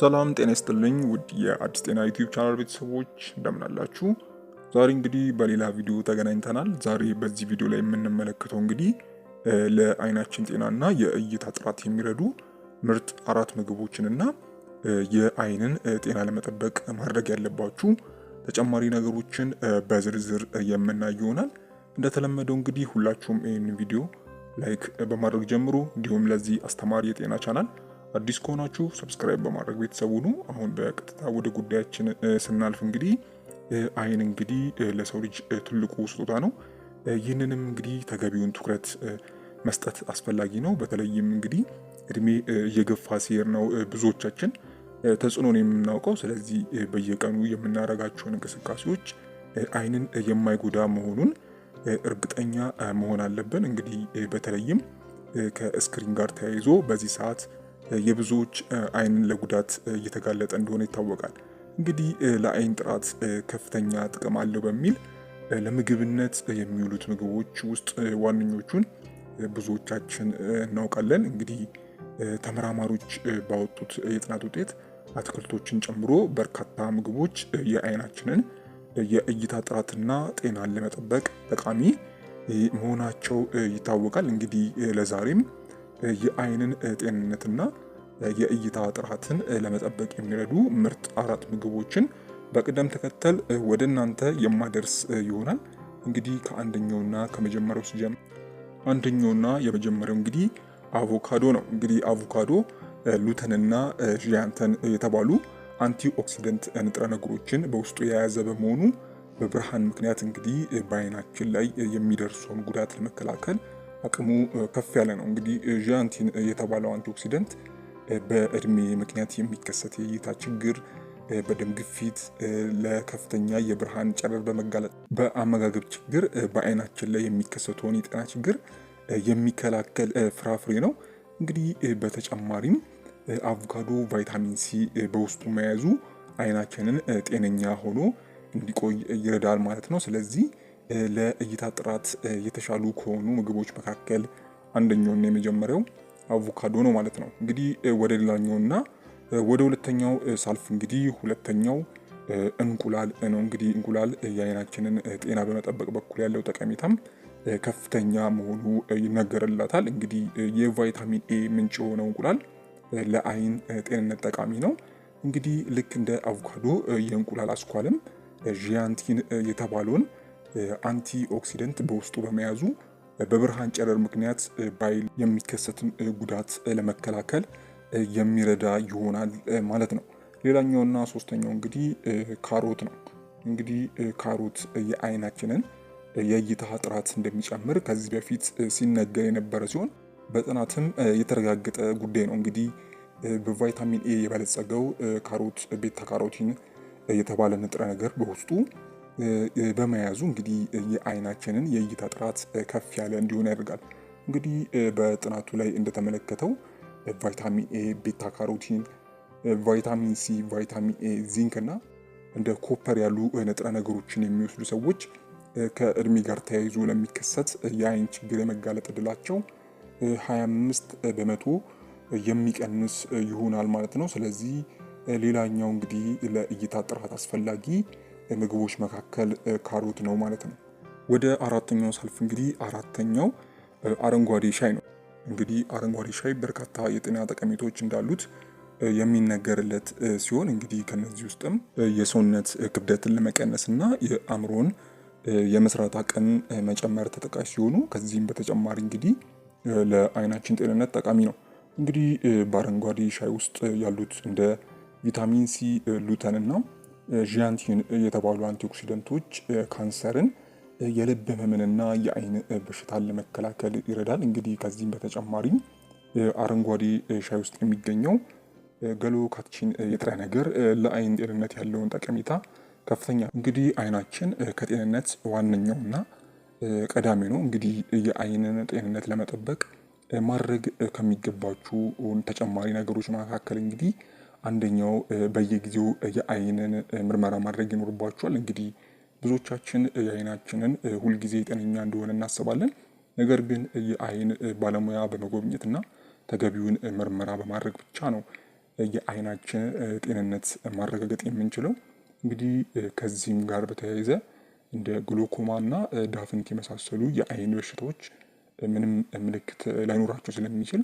ሰላም ጤና ይስጥልኝ ውድ የአዲስ ጤና ዩቲዩብ ቻናል ቤተሰቦች እንደምናላችሁ። ዛሬ እንግዲህ በሌላ ቪዲዮ ተገናኝተናል። ዛሬ በዚህ ቪዲዮ ላይ የምንመለከተው እንግዲህ ለአይናችን ጤናና የእይታ ጥራት የሚረዱ ምርጥ አራት ምግቦችንና የአይንን ጤና ለመጠበቅ ማድረግ ያለባችሁ ተጨማሪ ነገሮችን በዝርዝር የምናይ ይሆናል። እንደተለመደው እንግዲህ ሁላችሁም ይህን ቪዲዮ ላይክ በማድረግ ጀምሩ። እንዲሁም ለዚህ አስተማሪ የጤና ቻናል አዲስ ከሆናችሁ ሰብስክራይብ በማድረግ ቤተሰቡ ነው። አሁን በቀጥታ ወደ ጉዳያችን ስናልፍ እንግዲህ አይን እንግዲህ ለሰው ልጅ ትልቁ ስጦታ ነው። ይህንንም እንግዲህ ተገቢውን ትኩረት መስጠት አስፈላጊ ነው። በተለይም እንግዲህ እድሜ እየገፋ ሲሄድ ነው ብዙዎቻችን ተጽዕኖን የምናውቀው። ስለዚህ በየቀኑ የምናደርጋቸውን እንቅስቃሴዎች አይንን የማይጎዳ መሆኑን እርግጠኛ መሆን አለብን። እንግዲህ በተለይም ከስክሪን ጋር ተያይዞ በዚህ ሰዓት የብዙዎች አይንን ለጉዳት እየተጋለጠ እንደሆነ ይታወቃል። እንግዲህ ለአይን ጥራት ከፍተኛ ጥቅም አለው በሚል ለምግብነት የሚውሉት ምግቦች ውስጥ ዋነኞቹን ብዙዎቻችን እናውቃለን። እንግዲህ ተመራማሪዎች ባወጡት የጥናት ውጤት አትክልቶችን ጨምሮ በርካታ ምግቦች የአይናችንን የእይታ ጥራትና ጤናን ለመጠበቅ ጠቃሚ መሆናቸው ይታወቃል። እንግዲህ ለዛሬም የአይንን ጤንነትና የእይታ ጥራትን ለመጠበቅ የሚረዱ ምርጥ አራት ምግቦችን በቅደም ተከተል ወደ እናንተ የማደርስ ይሆናል። እንግዲህ ከአንደኛውና ከመጀመሪያው ስጀምር አንደኛውና የመጀመሪያው እንግዲህ አቮካዶ ነው። እንግዲህ አቮካዶ ሉተንና ዣያንተን የተባሉ አንቲ ኦክሲደንት ንጥረ ነገሮችን በውስጡ የያዘ በመሆኑ በብርሃን ምክንያት እንግዲህ በአይናችን ላይ የሚደርሰውን ጉዳት ለመከላከል አቅሙ ከፍ ያለ ነው። እንግዲህ ዣያንቲን የተባለው አንቲኦክሲደንት በእድሜ ምክንያት የሚከሰት የእይታ ችግር በደም ግፊት፣ ለከፍተኛ የብርሃን ጨረር በመጋለጥ በአመጋገብ ችግር፣ በአይናችን ላይ የሚከሰተውን የጤና ችግር የሚከላከል ፍራፍሬ ነው። እንግዲህ በተጨማሪም አቮካዶ ቫይታሚን ሲ በውስጡ መያዙ አይናችንን ጤነኛ ሆኖ እንዲቆይ ይረዳል ማለት ነው። ስለዚህ ለእይታ ጥራት የተሻሉ ከሆኑ ምግቦች መካከል አንደኛውና የመጀመሪያው አቮካዶ ነው ማለት ነው። እንግዲህ ወደ ሌላኛውና ወደ ሁለተኛው ሳልፍ እንግዲህ ሁለተኛው እንቁላል ነው። እንግዲህ እንቁላል የአይናችንን ጤና በመጠበቅ በኩል ያለው ጠቀሜታም ከፍተኛ መሆኑ ይነገርላታል። እንግዲህ የቫይታሚን ኤ ምንጭ የሆነው እንቁላል ለአይን ጤንነት ጠቃሚ ነው። እንግዲህ ልክ እንደ አቮካዶ የእንቁላል አስኳልም ዢያንቲን የተባለውን አንቲ ኦክሲደንት በውስጡ በመያዙ በብርሃን ጨረር ምክንያት በአይን የሚከሰትን ጉዳት ለመከላከል የሚረዳ ይሆናል ማለት ነው። ሌላኛውና ሶስተኛው እንግዲህ ካሮት ነው። እንግዲህ ካሮት የአይናችንን የእይታ ጥራት እንደሚጨምር ከዚህ በፊት ሲነገር የነበረ ሲሆን በጥናትም የተረጋገጠ ጉዳይ ነው። እንግዲህ በቫይታሚን ኤ የበለጸገው ካሮት ቤታ ካሮቲን የተባለ ንጥረ ነገር በውስጡ በመያዙ እንግዲህ የአይናችንን የእይታ ጥራት ከፍ ያለ እንዲሆን ያደርጋል። እንግዲህ በጥናቱ ላይ እንደተመለከተው ቫይታሚን ኤ፣ ቤታ ካሮቲን፣ ቫይታሚን ሲ፣ ቫይታሚን ኤ፣ ዚንክ እና እንደ ኮፐር ያሉ ንጥረ ነገሮችን የሚወስዱ ሰዎች ከእድሜ ጋር ተያይዞ ለሚከሰት የአይን ችግር የመጋለጥ እድላቸው 25 በመቶ የሚቀንስ ይሆናል ማለት ነው። ስለዚህ ሌላኛው እንግዲህ ለእይታ ጥራት አስፈላጊ ምግቦች መካከል ካሮት ነው ማለት ነው። ወደ አራተኛው ሰልፍ እንግዲህ አራተኛው አረንጓዴ ሻይ ነው። እንግዲህ አረንጓዴ ሻይ በርካታ የጤና ጠቀሜታዎች እንዳሉት የሚነገርለት ሲሆን እንግዲህ ከነዚህ ውስጥም የሰውነት ክብደትን ለመቀነስ እና የአእምሮን የመስራት አቅም መጨመር ተጠቃሽ ሲሆኑ ከዚህም በተጨማሪ እንግዲህ ለአይናችን ጤንነት ጠቃሚ ነው። እንግዲህ በአረንጓዴ ሻይ ውስጥ ያሉት እንደ ቪታሚን ሲ፣ ሉተን እና ዣንቲን የተባሉ አንቲኦክሲደንቶች ካንሰርን፣ የልብ ህመምንና የአይን በሽታን ለመከላከል ይረዳል። እንግዲህ ከዚህም በተጨማሪ አረንጓዴ ሻይ ውስጥ የሚገኘው ገሎ ካትቺን የጥረ ነገር ለአይን ጤንነት ያለውን ጠቀሜታ ከፍተኛ። እንግዲህ አይናችን ከጤንነት ዋነኛውና ቀዳሚ ነው። እንግዲህ የአይንን ጤንነት ለመጠበቅ ማድረግ ከሚገባችሁ ተጨማሪ ነገሮች መካከል እንግዲህ አንደኛው በየጊዜው የአይንን ምርመራ ማድረግ ይኖርባቸዋል። እንግዲህ ብዙዎቻችን የአይናችንን ሁልጊዜ ጤነኛ እንደሆነ እናስባለን። ነገር ግን የአይን ባለሙያ በመጎብኘት እና ተገቢውን ምርመራ በማድረግ ብቻ ነው የአይናችን ጤንነት ማረጋገጥ የምንችለው። እንግዲህ ከዚህም ጋር በተያያዘ እንደ ግሎኮማ እና ዳፍንት የመሳሰሉ የአይን በሽታዎች ምንም ምልክት ላይኖራቸው ስለሚችል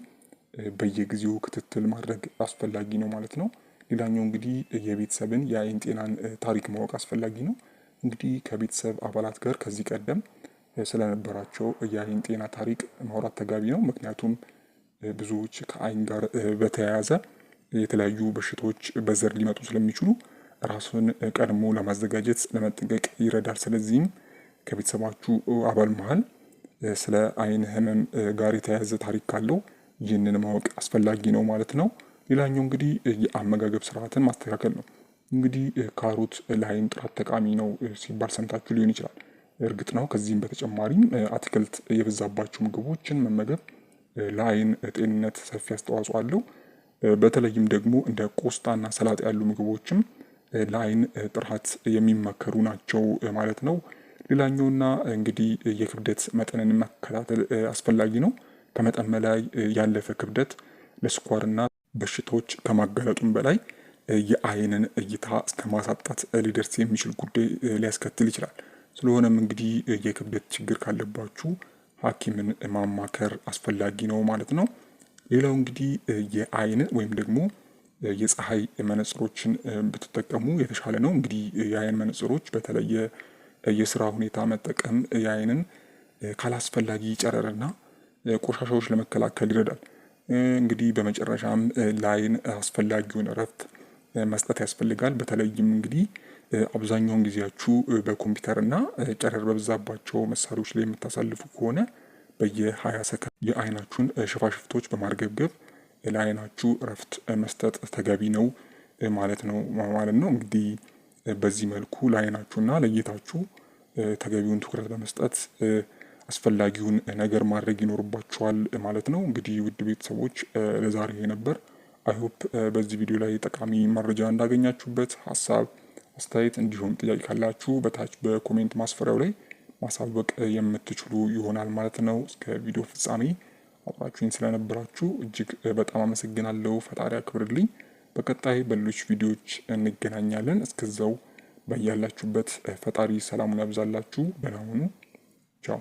በየጊዜው ክትትል ማድረግ አስፈላጊ ነው ማለት ነው። ሌላኛው እንግዲህ የቤተሰብን የአይን ጤናን ታሪክ ማወቅ አስፈላጊ ነው። እንግዲህ ከቤተሰብ አባላት ጋር ከዚህ ቀደም ስለነበራቸው የአይን ጤና ታሪክ ማውራት ተገቢ ነው። ምክንያቱም ብዙዎች ከአይን ጋር በተያያዘ የተለያዩ በሽታዎች በዘር ሊመጡ ስለሚችሉ ራሱን ቀድሞ ለማዘጋጀት ለመጠንቀቅ ይረዳል። ስለዚህም ከቤተሰባችሁ አባል መሀል ስለ አይን ህመም ጋር የተያያዘ ታሪክ ካለው ይህንን ማወቅ አስፈላጊ ነው ማለት ነው። ሌላኛው እንግዲህ የአመጋገብ ስርዓትን ማስተካከል ነው። እንግዲህ ካሮት ለአይን ጥራት ጠቃሚ ነው ሲባል ሰምታችሁ ሊሆን ይችላል። እርግጥ ነው። ከዚህም በተጨማሪም አትክልት የበዛባቸው ምግቦችን መመገብ ለአይን ጤንነት ሰፊ አስተዋጽኦ አለው። በተለይም ደግሞ እንደ ቆስጣና ሰላጣ ያሉ ምግቦችም ለአይን ጥራት የሚመከሩ ናቸው ማለት ነው። ሌላኛውና እንግዲህ የክብደት መጠንን መከታተል አስፈላጊ ነው። ከመጠን በላይ ያለፈ ክብደት ለስኳርና በሽታዎች ከማጋለጡም በላይ የአይንን እይታ እስከ ማሳጣት ሊደርስ የሚችል ጉዳይ ሊያስከትል ይችላል። ስለሆነም እንግዲህ የክብደት ችግር ካለባችሁ ሐኪምን ማማከር አስፈላጊ ነው ማለት ነው። ሌላው እንግዲህ የአይን ወይም ደግሞ የፀሐይ መነጽሮችን ብትጠቀሙ የተሻለ ነው። እንግዲህ የአይን መነጽሮች በተለየ የስራ ሁኔታ መጠቀም የአይንን ካላስፈላጊ ጨረርና ቆሻሻዎች ለመከላከል ይረዳል። እንግዲህ በመጨረሻም ለአይን አስፈላጊውን እረፍት መስጠት ያስፈልጋል። በተለይም እንግዲህ አብዛኛውን ጊዜያችሁ በኮምፒውተር እና ጨረር በበዛባቸው መሳሪያዎች ላይ የምታሳልፉ ከሆነ በየሀያ ሰከንድ የአይናችሁን ሽፋሽፍቶች በማርገብገብ ለአይናችሁ እረፍት መስጠት ተገቢ ነው ማለት ነው ማለት ነው። እንግዲህ በዚህ መልኩ ለአይናችሁና ለእይታችሁ ተገቢውን ትኩረት በመስጠት አስፈላጊውን ነገር ማድረግ ይኖርባቸዋል ማለት ነው። እንግዲህ ውድ ቤተሰቦች ለዛሬ ነበር። አይሆፕ በዚህ ቪዲዮ ላይ ጠቃሚ መረጃ እንዳገኛችሁበት፣ ሀሳብ አስተያየት፣ እንዲሁም ጥያቄ ካላችሁ በታች በኮሜንት ማስፈሪያው ላይ ማሳወቅ የምትችሉ ይሆናል ማለት ነው። እስከ ቪዲዮ ፍጻሜ አብራችሁኝ ስለነበራችሁ እጅግ በጣም አመሰግናለሁ። ፈጣሪ አክብርልኝ። በቀጣይ በሌሎች ቪዲዮዎች እንገናኛለን። እስከዛው በያላችሁበት ፈጣሪ ሰላሙን ያብዛላችሁ። በላሁኑ ቻው።